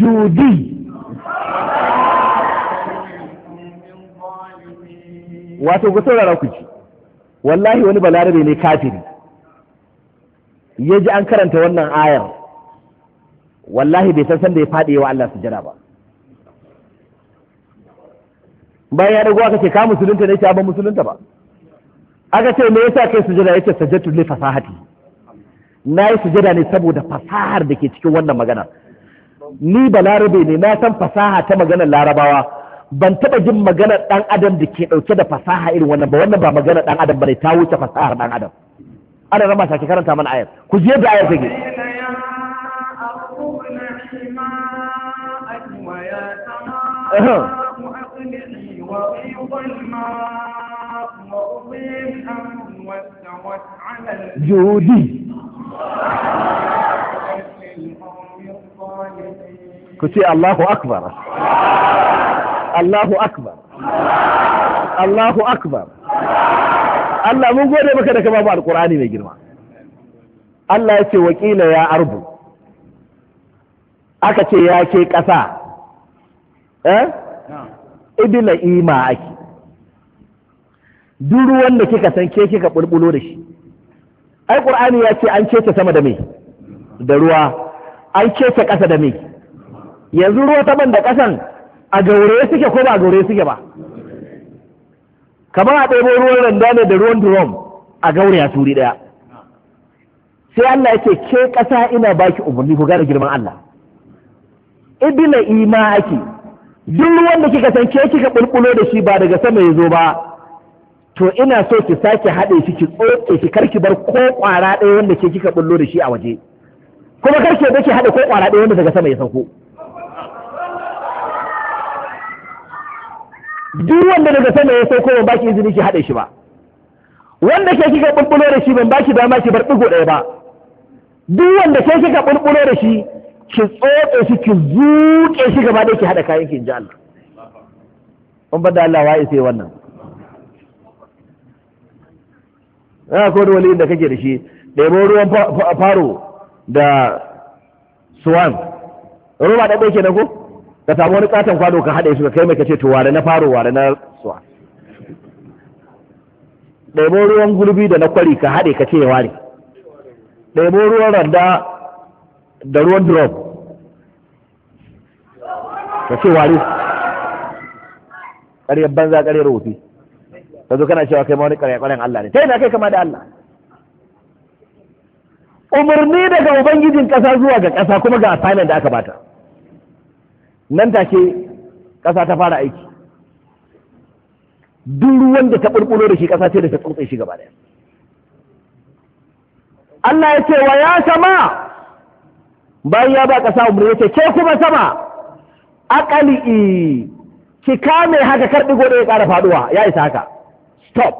جودي wato ku saurara ku ci wallahi wani balarabe ne kafiri ya ji an karanta wannan ayar wallahi bai san san da ya faɗi wa Allah sujada ba bayan ya dago aka ce ka musulunta ne ce ba musulunta ba aka ce me yasa kai sujada yake sajjatu li fasahati na yi sujada ne saboda fasahar da ke cikin wannan magana ni balarabe ne na san fasaha ta maganar larabawa ban taɓa jin maganar ɗan adam da ke ɗauke da fasaha irin wannan ba wannan ba maganar ɗan adam bane ta wuce fasahar ɗan adam ana rama sake karanta mana ayar ku je da ayar take جودي ku ce Allahu akbar Allahu akbar Allahu akbar Allah mun gode maka da ka babu alkur'ani mai girma Allah ya ce wakila ya arbu aka ce ya ke ƙasa eh idila ima ake duk wanda kika san ke kika bulbulo da shi ai qur'ani ya ce an ta sama da mai da ruwa an ta ƙasa da mai yanzu ruwa ta da ƙasan a gaure suke ko ba gaure suke ba kamar a ɗebo ruwan randa ne da ruwan drum a gaure a turi ɗaya sai Allah yake ke ƙasa ina baki umarni ku gane girman Allah ibina ima ake duk ruwan da kika san ke kika bulbulo da shi ba daga sama ya zo ba to ina so ki sake haɗe shi ki tsotse shi karki bar ko ƙwara ɗaya wanda ke kika bullo da shi a waje kuma karki da ki haɗe ko ƙwara ɗaya wanda daga sama ya sauko duk wanda daga sama ya sauko ban baki izini ki haɗe shi ba wanda ke kika bulbulo da shi ban baki dama ki bar digo ɗaya ba duk wanda ke kika bulbulo da shi ki tsotse shi ki zuƙe shi gaba da ki haɗa kayan ki in ji Allah in da Allah wa'i sai wannan ya ko da waliyin da kake da shi ɗebo ruwan faro da suwan da ɗaɗɗai kenan ko ka samu wani katon kwano ka haɗe su ka kai mai kace to ware na faro ware na suwa ɗaimo ruwan gulbi da na kwari ka haɗe ka ce ya ware ɗaimo ruwan randa da ruwan drop ka ce ware ƙaryar banza ƙaryar rufi ka zo kana cewa kai ma wani ƙarya ƙwarin Allah ne ta na kai kama da Allah umarni daga ubangijin ƙasa zuwa ga ƙasa kuma ga assignment da aka bata nan take ƙasa ta fara aiki duk ruwan da ta ɓulɓulo da shi ƙasa ce da ta tsotse shi gaba ɗaya Allah ya ce wa ya sama bayan ya ba ƙasa umarni ya ce ke kuma sama Akali ki kame haka kar ɗigo da ya ƙara faɗuwa ya isa haka stop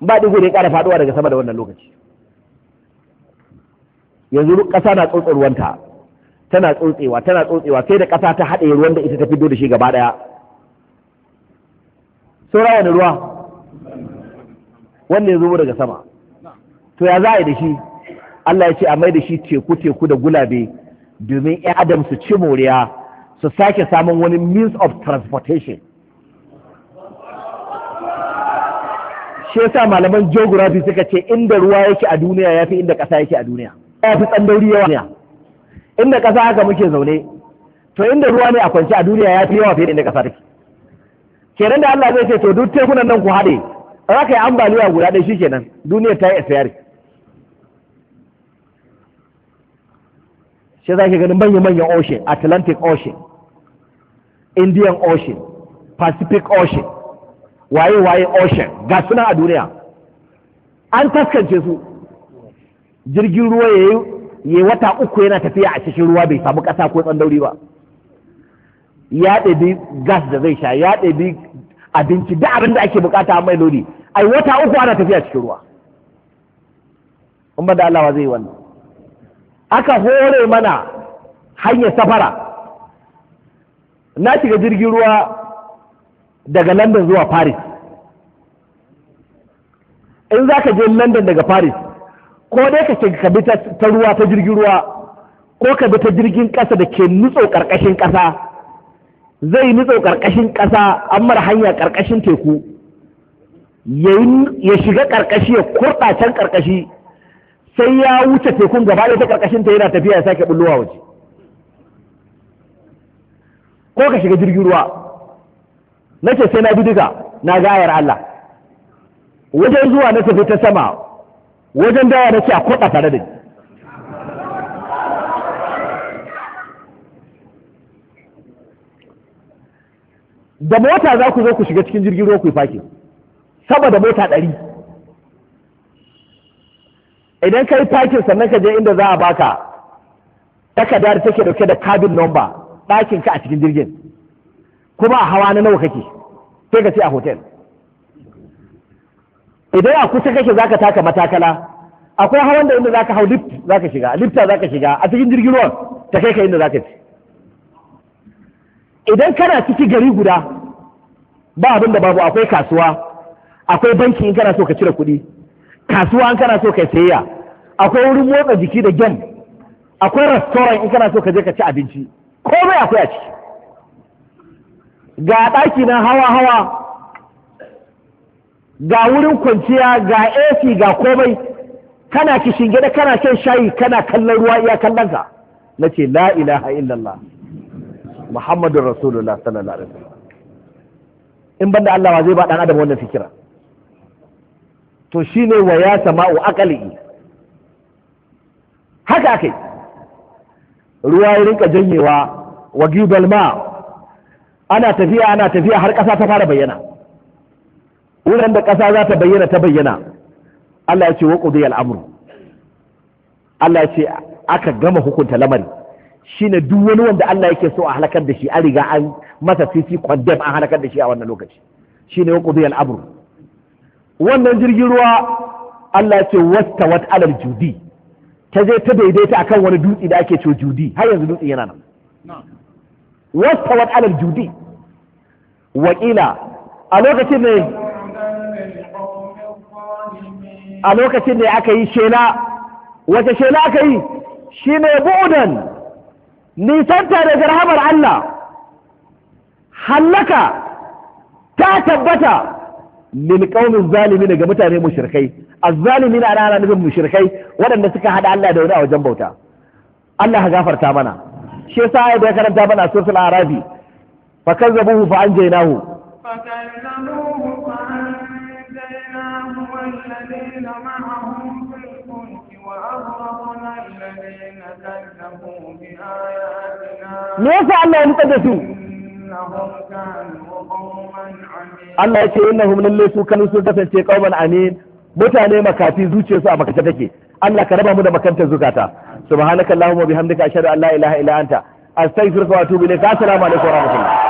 ba ɗigo da ya ƙara faduwa daga sama da wannan lokaci yanzu ƙasa na tsotsar ruwanta tana tsotsewa tana tsotsewa sai da ƙasa ta haɗe ruwan da ita ta fito da shi gaba ɗaya saura wani ruwa wanda ya zo daga sama to ya za yi da shi Allah ya ce a mai da shi teku teku da gulabe domin ya adam su ci moriya su sake samun wani means of transportation shi yasa malaman geography suka ce inda ruwa yake a duniya ya fi inda ƙasa yake a duniya ya fi tsandauri yawa inda ƙasa haka muke zaune to inda ruwa ne a kwance a duniya ya fi yawa fiye da inda ƙasa take kenan da Allah zai ce to duk tekunan nan ku haɗe za ka yi ambaliya guda ɗaya shikenan duniya ta yi asiyari shi za ki ganin manya-manyan ocean atlantic ocean indian ocean pacific ocean waye-waye ocean ga suna a duniya an taskance su jirgin ruwa ya yi ya wata uku yana tafiya a cikin ruwa bai samu ƙasa ko tsandauri ba ya ɗabi gas da zai sha ya ɗabi abinci da abin da ake bukata mai lodi ai wata uku ana tafiya cikin ruwa Umar da Allah zai yi wannan aka hore mana hanyar safara na shiga jirgin ruwa daga London zuwa Paris in za ka je London daga Paris ko dai ka ka bi ta ruwa ta jirgin ruwa ko ka bi ta jirgin ƙasa da ke nutso ƙarƙashin ƙasa zai nutso ƙarƙashin ƙasa an mara hanya ƙarƙashin teku ya shiga ƙarƙashi ya kurɗa can ƙarƙashi sai ya wuce tekun gaba da ta ƙarƙashin ta yana tafiya ya sake bullowa waje ko ka shiga jirgin ruwa nace sai na bi duka na gayar Allah wajen zuwa na tafi ta sama wajen dawa na ce a kwaɗa tare da ni da mota za ku zo ku shiga cikin jirgin ruwa ku yi fakin sama da mota ɗari idan ka yi fakin sannan ka je inda za a baka takarda da take dauke da cabin number ɗakin ka a cikin jirgin kuma a hawa na nawa kake sai ka ce a hotel idan a kusa kake zaka taka matakala akwai hawan da inda zaka hau lift zaka shiga lifta zaka shiga a cikin jirgin ruwan ta kai ka inda zaka ci idan kana ciki gari guda ba abin da babu akwai kasuwa akwai banki in kana so ka cire kuɗi kasuwa in kana so ka sayayya akwai wurin motsa jiki da gem akwai restaurant in kana so ka je ka ci abinci komai akwai a ciki ga ɗaki na hawa hawa ga wurin kwanciya ga AC ga komai kana kishin gida kana kan shayi kana kallon ruwa iya kallon ka nace la ilaha illallah muhammadur rasulullah sallallahu alaihi wasallam in banda Allah wa zai ba dan adam wannan fikira to shine wa ya sama'u aqali haka kai ruwa ya rinka janyewa wa gibal ma ana tafiya ana tafiya har ƙasa ta fara bayyana wurin da ƙasa za ta bayyana ta bayyana Allah ya ce wa ƙudai al'amuru Allah ya ce aka gama hukunta lamari Shi ne duk wani wanda Allah yake so a halakar da shi an riga an masa sisi condemn an halakar da shi a wannan lokaci Shi ne wa ƙudai al'amuru wannan jirgin ruwa Allah ya ce wasta wata alal judi ta je ta daidaita akan wani dutse da ake ce judi har yanzu dutse yana nan wasta wata alal judi wakila a lokacin ne a lokacin da aka yi shela wace shela aka yi shi ne bu'udan nisanta da rahamar Allah hallaka ta tabbata lil qaumin zalimi daga mutane A azzalimin na ana nufin mushrikai waɗanda suka haɗa Allah da wani a wajen bauta Allah ya gafarta mana shi yasa ya da karanta mana suratul arabi fa kazzabuhu fa anjaynahu fa kazzabuhu fa Me معهم في الفلك وأغرقنا الذين كذبوا بآياتنا ليس الله يمتدسوا إنهم كانوا قوما عمين الله يقول إنهم للي mutane makafi zuciyarsu a makace take Allah ka raba mu da makanta zukata subhanakallahumma bihamdika ashhadu an la ilaha illa anta astaghfiruka wa atubu ilayk assalamu alaikum wa rahmatullahi